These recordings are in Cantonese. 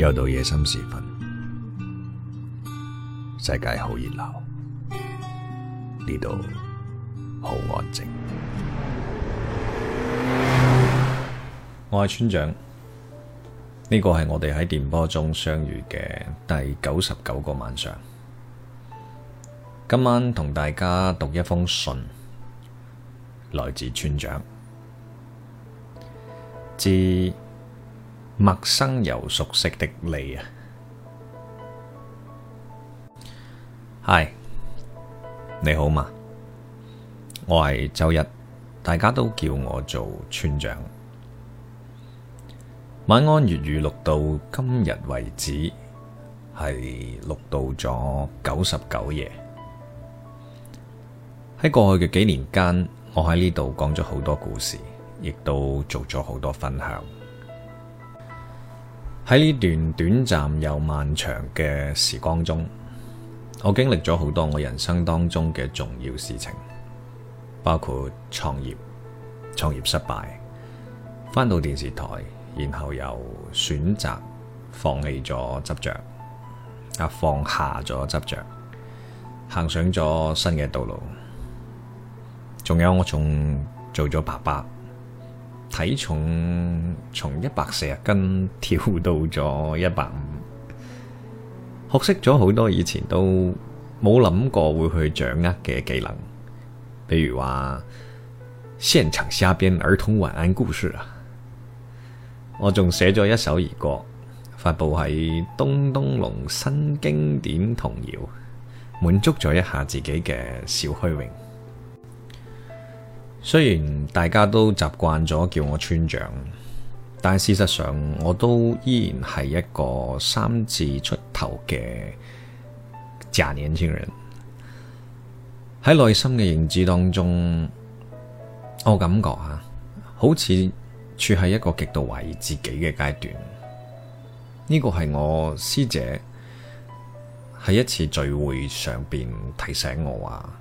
又到夜深時分，世界好熱鬧，呢度好安靜。我係村長，呢個係我哋喺電波中相遇嘅第九十九個晚上。今晚同大家讀一封信，來自村長，致。陌生又熟悉的你啊，嗨，你好嘛？我係周一，大家都叫我做村長。晚安粵語錄到今日為止係錄到咗九十九夜。喺過去嘅幾年間，我喺呢度講咗好多故事，亦都做咗好多分享。喺呢段短暫又漫長嘅時光中，我經歷咗好多我人生當中嘅重要事情，包括創業、創業失敗、返到電視台，然後又選擇放棄咗執着，啊放下咗執着，行上咗新嘅道路，仲有我仲做咗爸爸。體重從一百四十斤跳到咗一百五，學識咗好多以前都冇諗過會去掌握嘅技能，比如話現場瞎編兒童晚安故事啊！我仲寫咗一首兒歌，發布喺東東龍新經典童謠，滿足咗一下自己嘅小虛榮。雖然大家都習慣咗叫我村長，但事實上我都依然係一個三字出頭嘅假年輕人。喺內心嘅認知當中，我感覺吓好似處喺一個極度懷疑自己嘅階段。呢個係我師姐喺一次聚會上邊提醒我話。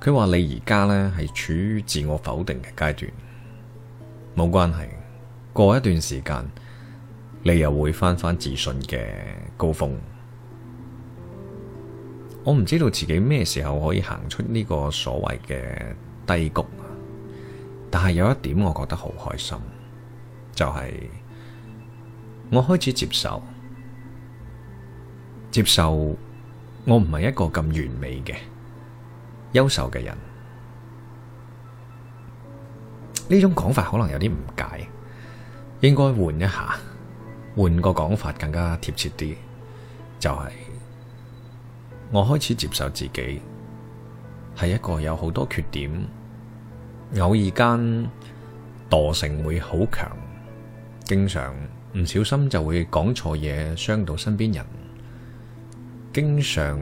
佢話你而家咧係處於自我否定嘅階段，冇關係，過一段時間你又會返返自信嘅高峰。我唔知道自己咩時候可以行出呢個所謂嘅低谷，但係有一點我覺得好開心，就係、是、我開始接受，接受我唔係一個咁完美嘅。優秀嘅人。呢種講法可能有啲誤解，應該換一下，換個講法更加貼切啲。就係我開始接受自己係一個有好多缺點，偶爾間惰性會好強，經常唔小心就會講錯嘢，傷到身邊人，經常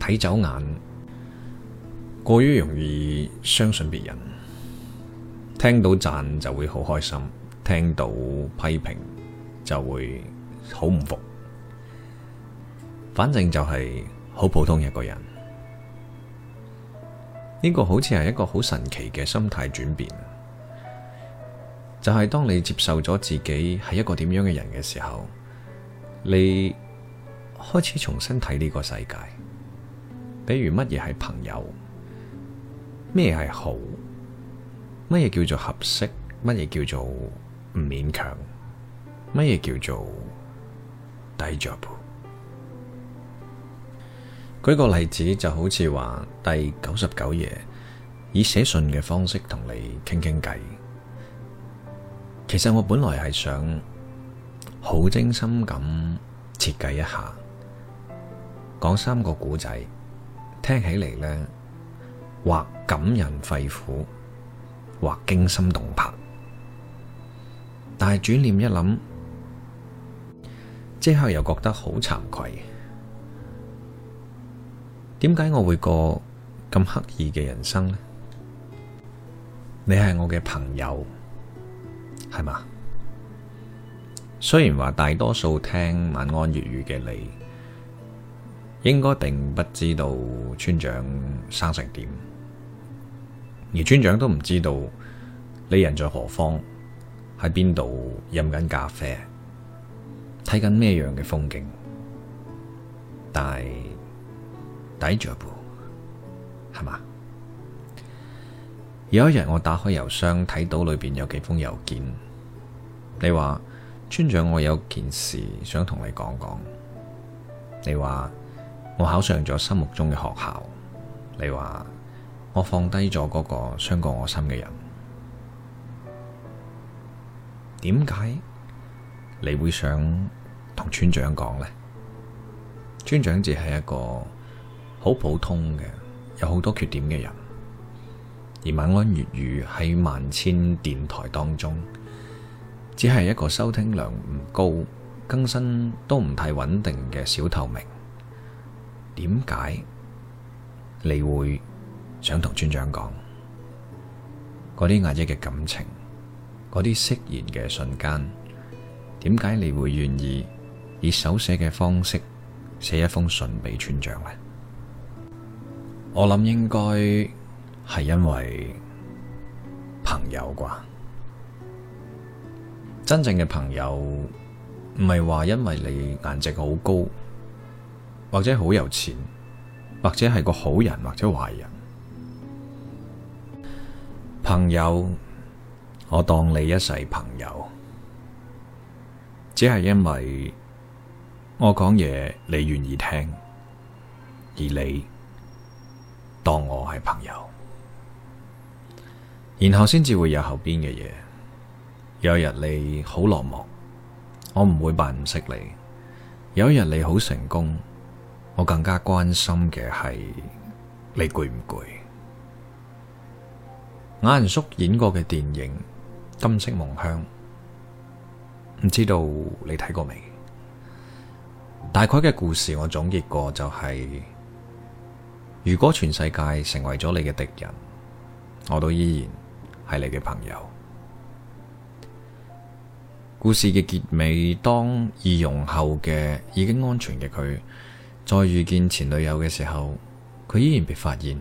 睇走眼。過於容易相信別人，聽到讚就會好開心，聽到批評就會好唔服。反正就係好普通一個人。呢個好似係一個好神奇嘅心態轉變。就係當你接受咗自己係一個點樣嘅人嘅時候，你開始重新睇呢個世界。比如乜嘢係朋友？咩係好？乜嘢叫做合適？乜嘢叫做唔勉強？乜嘢叫做抵做？舉個例子，就好似話第九十九夜，以寫信嘅方式同你傾傾偈。其實我本來係想好精心咁設計一下，講三個古仔，聽起嚟咧，或感人肺腑，或驚心動魄，但係轉念一諗，即刻又覺得好慚愧。點解我會過咁刻意嘅人生呢？你係我嘅朋友，係嘛？雖然話大多數聽晚安粵語嘅你，應該並不知道村長生成點。而村長都唔知道你人在何方，喺邊度飲緊咖啡，睇緊咩樣嘅風景，但係大丈夫，係嘛？有一日我打開郵箱，睇到裏邊有幾封郵件，你話村長，我有件事想同你講講，你話我考上咗心目中嘅學校，你話。我放低咗嗰個傷過我心嘅人，點解你會想同村長講呢？村長只係一個好普通嘅，有好多缺點嘅人。而晚安粵語喺萬千電台當中，只係一個收聽量唔高、更新都唔太穩定嘅小透明。點解你會？想同村長講嗰啲壓抑嘅感情，嗰啲釋然嘅瞬間，點解你會願意以手寫嘅方式寫一封信俾村長呢？我諗應該係因為朋友啩，真正嘅朋友唔係話因為你顏值好高，或者好有錢，或者係個好人，或者壞人。朋友，我當你一世朋友，只係因為我講嘢你願意聽，而你當我係朋友，然後先至會有後邊嘅嘢。有一日你好落寞，我唔會扮唔識你；有一日你好成功，我更加關心嘅係你攰唔攰。雅人叔演過嘅電影《金色夢鄉》，唔知道你睇過未？大概嘅故事我總結過，就是，就係如果全世界成為咗你嘅敵人，我都依然係你嘅朋友。故事嘅結尾，當易容後嘅已經安全嘅佢，再遇見前女友嘅時候，佢依然被發現，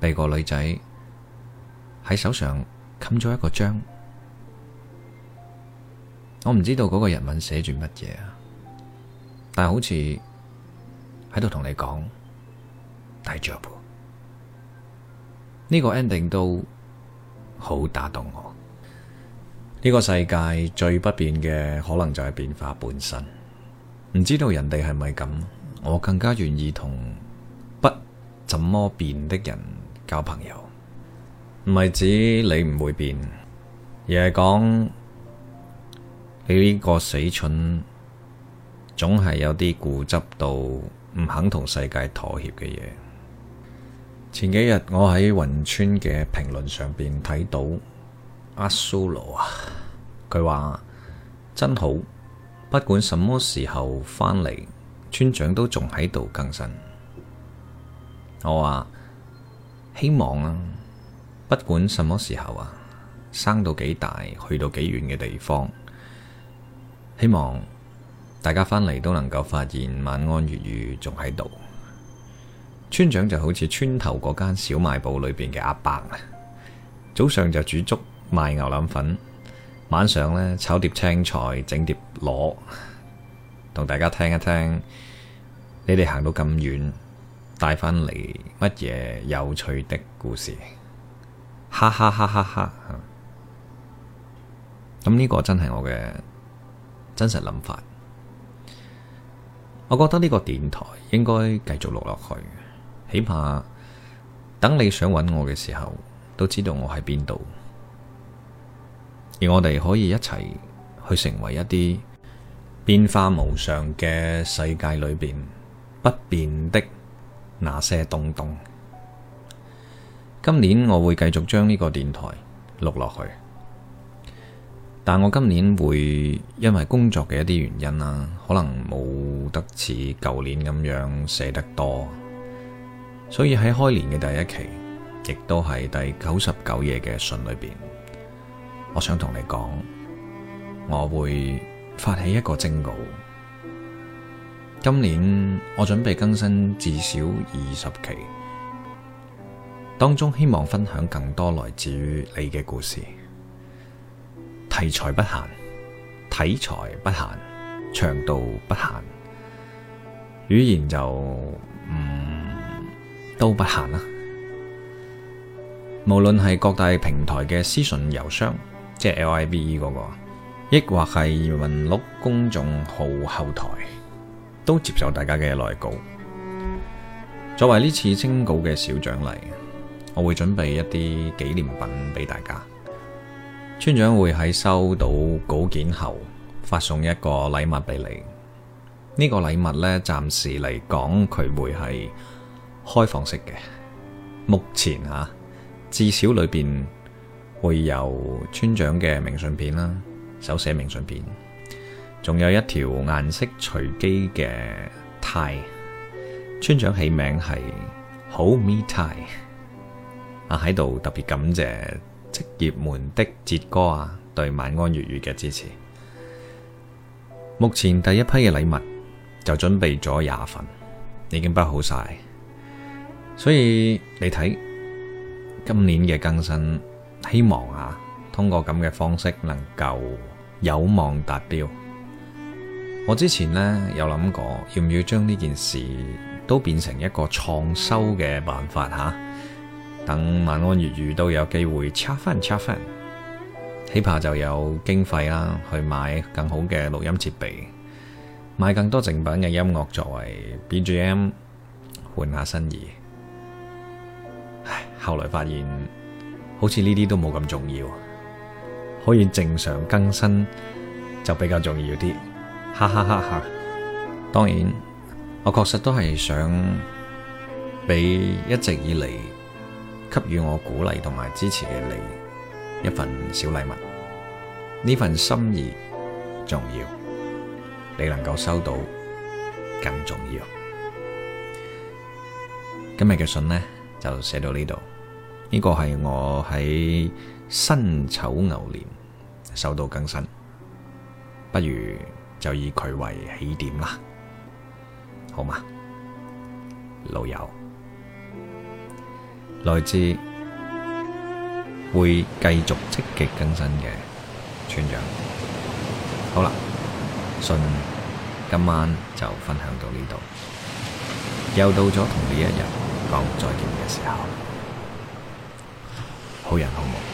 第、這、二個女仔。喺手上冚咗一個章，我唔知道嗰個日文寫住乜嘢啊？但係好似喺度同你講大丈夫，呢個 ending 都好打動我。呢個世界最不變嘅可能就係變化本身，唔知道人哋係咪咁，我更加願意同不怎麼變的人交朋友。唔係指你唔會變，而係講你呢個死蠢，總係有啲固執到唔肯同世界妥協嘅嘢。前幾日我喺雲村嘅評論上邊睇到阿蘇羅啊，佢話真好，不管什麼時候翻嚟，村長都仲喺度更新。我話希望啊。不管什麼時候啊，生到幾大，去到幾遠嘅地方，希望大家返嚟都能夠發現晚安粵語仲喺度。村長就好似村頭嗰間小賣部裏邊嘅阿伯，早上就煮粥賣牛腩粉，晚上咧炒碟青菜整碟螺，同大家聽一聽你哋行到咁遠帶返嚟乜嘢有趣的故事。哈哈哈哈哈！咁、這、呢個真係我嘅真實諗法。我覺得呢個電台應該繼續錄落去，起碼等你想揾我嘅時候，都知道我喺邊度。而我哋可以一齊去成為一啲變化無常嘅世界裏邊不變的那些東東。今年我會繼續將呢個電台錄落去，但我今年會因為工作嘅一啲原因啦，可能冇得似舊年咁樣寫得多，所以喺開年嘅第一期，亦都係第九十九夜嘅信裏邊，我想同你講，我會發起一個徵稿，今年我準備更新至少二十期。當中希望分享更多來自於你嘅故事，題材不限，題材不限，長度不限，語言就嗯都不限啦。無論係各大平台嘅私信郵箱，即係 L I V E 嗰個，抑或係雲錄公眾號後台，都接受大家嘅來稿。作為呢次徵稿嘅小獎勵，我會準備一啲紀念品俾大家。村長會喺收到稿件後發送一個禮物俾你。呢個禮物呢，暫時嚟講，佢會係開放式嘅。目前吓、啊、至少裏邊會有村長嘅明信片啦，手寫明信片，仲有一條顏色隨機嘅 tie。村長起名係好 me tie。啊喺度特別感謝職業門的哲哥啊，對晚安粵語嘅支持。目前第一批嘅禮物就準備咗廿份，已經包好晒。所以你睇今年嘅更新，希望啊，通過咁嘅方式，能夠有望達標。我之前呢，有諗過，要唔要將呢件事都變成一個創收嘅辦法吓？等晚安粵語都有機會拆翻拆翻，起碼就有經費啦，去買更好嘅錄音設備，買更多正品嘅音樂作為 BGM，換下新意。唉，後來發現好似呢啲都冇咁重要，可以正常更新就比較重要啲，哈哈哈哈哈。當然，我確實都係想俾一直以嚟給予我鼓勵同埋支持嘅你一份小禮物，呢份心意重要，你能夠收到更重要。今日嘅信呢，就寫到呢度，呢個係我喺辛丑牛年收到更新，不如就以佢為起點啦，好嗎，老友？來自會繼續積極更新嘅村長。好啦，信今晚就分享到呢度，又到咗同呢一日講再見嘅時候，好人好夢。